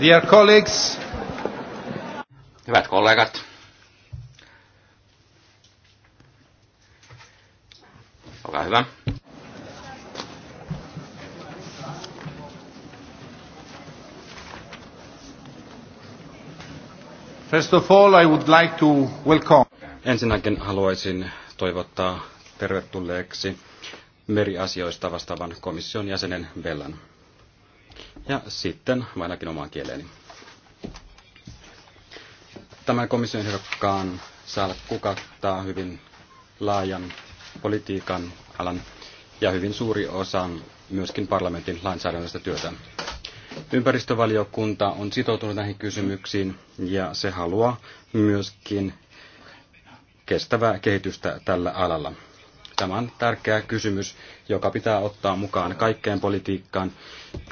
Dear colleagues. Hyvät kollegat. Olkaa hyvä. First of all, I would like to welcome. Ensinnäkin haluaisin toivottaa tervetulleeksi meriasioista vastaavan komission jäsenen Bellan. Ja sitten ainakin omaan kieleeni. Tämän komission ehdokkaan salkku kukattaa hyvin laajan politiikan alan ja hyvin suuri osa myöskin parlamentin lainsäädännöstä työtä. Ympäristövaliokunta on sitoutunut näihin kysymyksiin ja se haluaa myöskin kestävää kehitystä tällä alalla. Tämä on tärkeä kysymys, joka pitää ottaa mukaan kaikkeen politiikkaan.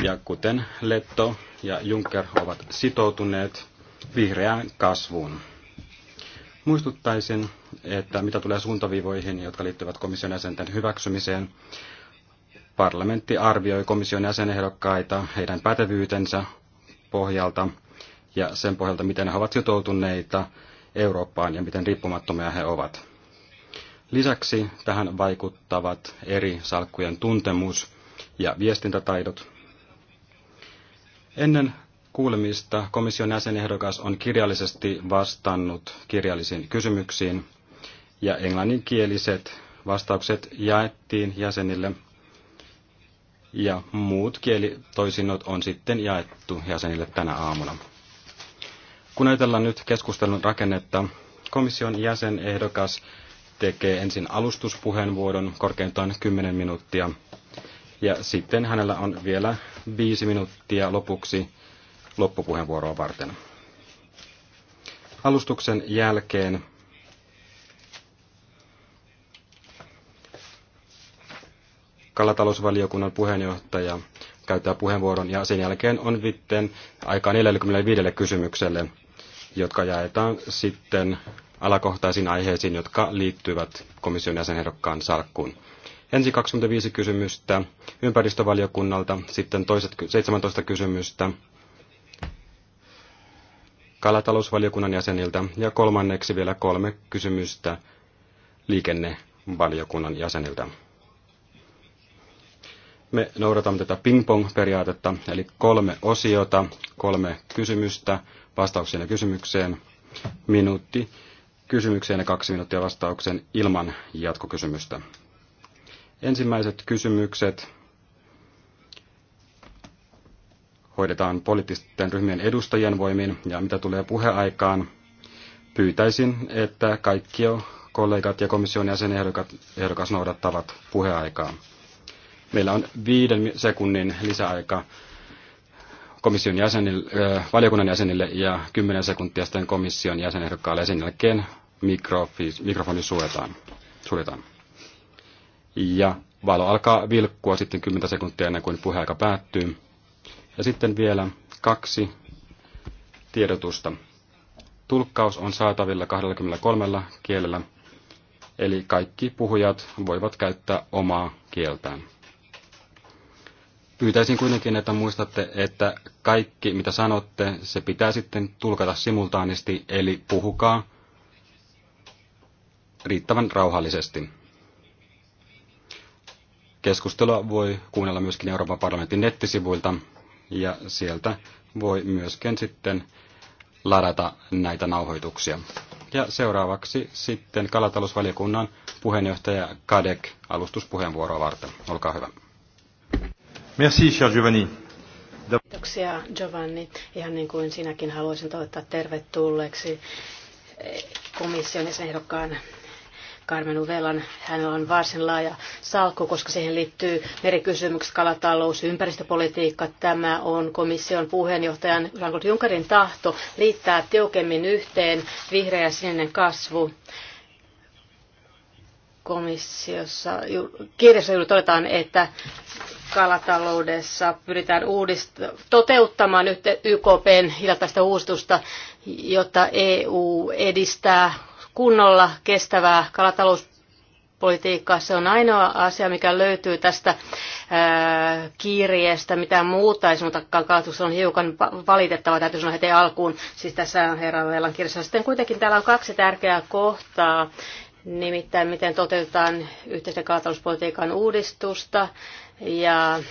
Ja kuten Letto ja Juncker ovat sitoutuneet vihreään kasvuun. Muistuttaisin, että mitä tulee suuntaviivoihin, jotka liittyvät komission jäsenten hyväksymiseen, parlamentti arvioi komission jäsenehdokkaita heidän pätevyytensä pohjalta ja sen pohjalta, miten he ovat sitoutuneita Eurooppaan ja miten riippumattomia he ovat. Lisäksi tähän vaikuttavat eri salkkujen tuntemus ja viestintätaidot. Ennen kuulemista komission jäsenehdokas on kirjallisesti vastannut kirjallisiin kysymyksiin ja englanninkieliset vastaukset jaettiin jäsenille ja muut kielitoisinnot on sitten jaettu jäsenille tänä aamuna. Kun ajatellaan nyt keskustelun rakennetta, komission jäsenehdokas ehdokas tekee ensin alustuspuheenvuoron korkeintaan 10 minuuttia. Ja sitten hänellä on vielä viisi minuuttia lopuksi loppupuheenvuoroa varten. Alustuksen jälkeen kalatalousvaliokunnan puheenjohtaja käyttää puheenvuoron ja sen jälkeen on sitten aikaa 45 kysymykselle, jotka jaetaan sitten alakohtaisiin aiheisiin, jotka liittyvät komission jäsenehdokkaan salkkuun. Ensi 25 kysymystä ympäristövaliokunnalta, sitten toiset 17 kysymystä kalatalousvaliokunnan jäseniltä ja kolmanneksi vielä kolme kysymystä liikennevaliokunnan jäseniltä. Me noudatamme tätä ping-pong-periaatetta, eli kolme osiota, kolme kysymystä vastauksena kysymykseen, minuutti kysymykseen ja kaksi minuuttia vastauksen ilman jatkokysymystä. Ensimmäiset kysymykset hoidetaan poliittisten ryhmien edustajien voimin ja mitä tulee puheaikaan, pyytäisin, että kaikki jo kollegat ja komission jäsenehdokas noudattavat puheaikaa. Meillä on viiden sekunnin lisäaika komission jäsenille, äh, valiokunnan jäsenille ja 10 sekuntia sitten komission jäsenehdokkaalle sen jälkeen mikrofoni, mikrofoni suljetaan. suljetaan. Ja valo alkaa vilkkua sitten 10 sekuntia ennen kuin puheaika päättyy. Ja sitten vielä kaksi tiedotusta. Tulkkaus on saatavilla 23 kielellä, eli kaikki puhujat voivat käyttää omaa kieltään. Pyytäisin kuitenkin, että muistatte, että kaikki mitä sanotte, se pitää sitten tulkata simultaanisti, eli puhukaa riittävän rauhallisesti. Keskustelua voi kuunnella myöskin Euroopan parlamentin nettisivuilta ja sieltä voi myöskin sitten ladata näitä nauhoituksia. Ja seuraavaksi sitten kalatalousvaliokunnan puheenjohtaja Kadek alustuspuheenvuoroa varten. Olkaa hyvä. Merci, cher Giovanni. Kiitoksia Giovanni. Ihan niin kuin sinäkin haluaisin toivottaa tervetulleeksi eh, komission ehdokkaan Carmen Uvelan. Hänellä on varsin laaja salkku, koska siihen liittyy merikysymykset, kalatalous, ympäristöpolitiikka. Tämä on komission puheenjohtajan Jean-Claude Junckerin tahto liittää tiukemmin yhteen vihreä ja sininen kasvu komissiossa, kirjassa todetaan, että kalataloudessa pyritään uudist- toteuttamaan nyt YKPn hiljattaista uudistusta, jotta EU edistää kunnolla kestävää kalatalouspolitiikkaa. Se on ainoa asia, mikä löytyy tästä ää, kirjeestä. Mitään muuta ei sanotakaan kalatuksessa on hiukan valitettava, täytyy sanoa heti alkuun. Siis tässä on herran Leilan kirjassa. Sitten kuitenkin täällä on kaksi tärkeää kohtaa. Nimittäin, miten toteutetaan yhteisen kalatalouspolitiikan uudistusta ja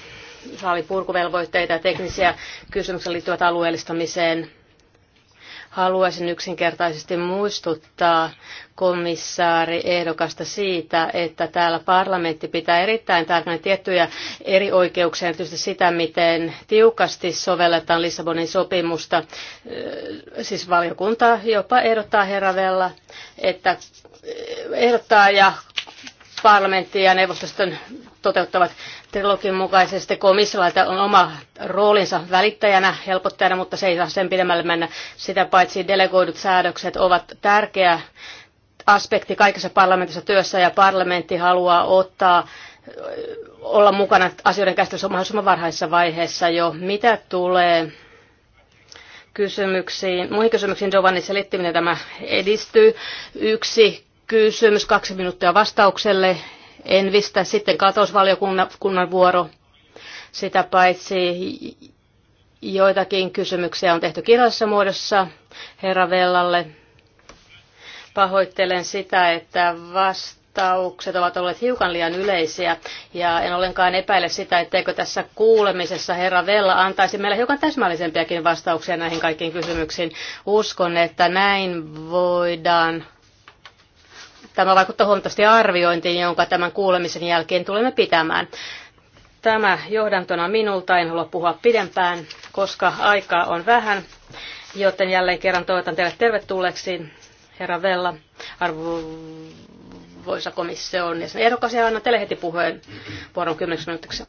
saalipurkuvelvoitteita ja teknisiä kysymyksiä liittyvät alueellistamiseen. Haluaisin yksinkertaisesti muistuttaa komissaari ehdokasta siitä, että täällä parlamentti pitää erittäin tärkeänä tiettyjä eri oikeuksia, erityisesti sitä, miten tiukasti sovelletaan Lissabonin sopimusta. Siis valiokunta jopa ehdottaa herravella, että ehdottaa ja parlamentti ja neuvostoston toteuttavat trilogin mukaisesti. Komissiolla on oma roolinsa välittäjänä, helpottajana, mutta se ei saa sen pidemmälle mennä. Sitä paitsi delegoidut säädökset ovat tärkeä aspekti kaikessa parlamentissa työssä ja parlamentti haluaa ottaa olla mukana asioiden käsittelyssä mahdollisimman varhaisessa vaiheessa jo. Mitä tulee kysymyksiin, muihin kysymyksiin Giovanni selitti, miten tämä edistyy. Yksi kysymys, kaksi minuuttia vastaukselle. Envistä, sitten katosvaliokunnan vuoro. Sitä paitsi joitakin kysymyksiä on tehty kirjallisessa muodossa herra Vellalle. Pahoittelen sitä, että vastaukset ovat olleet hiukan liian yleisiä ja en ollenkaan epäile sitä, etteikö tässä kuulemisessa herra Vella antaisi meille hiukan täsmällisempiäkin vastauksia näihin kaikkiin kysymyksiin. Uskon, että näin voidaan Tämä vaikuttaa huomattavasti arviointiin, jonka tämän kuulemisen jälkeen tulemme pitämään. Tämä johdantona minulta, en halua puhua pidempään, koska aikaa on vähän, joten jälleen kerran toivotan teille tervetulleeksi, herra Vella, arvoisa komission ja sen ehdokas, ja annan teille heti puheen vuoron 10 minuutiksi.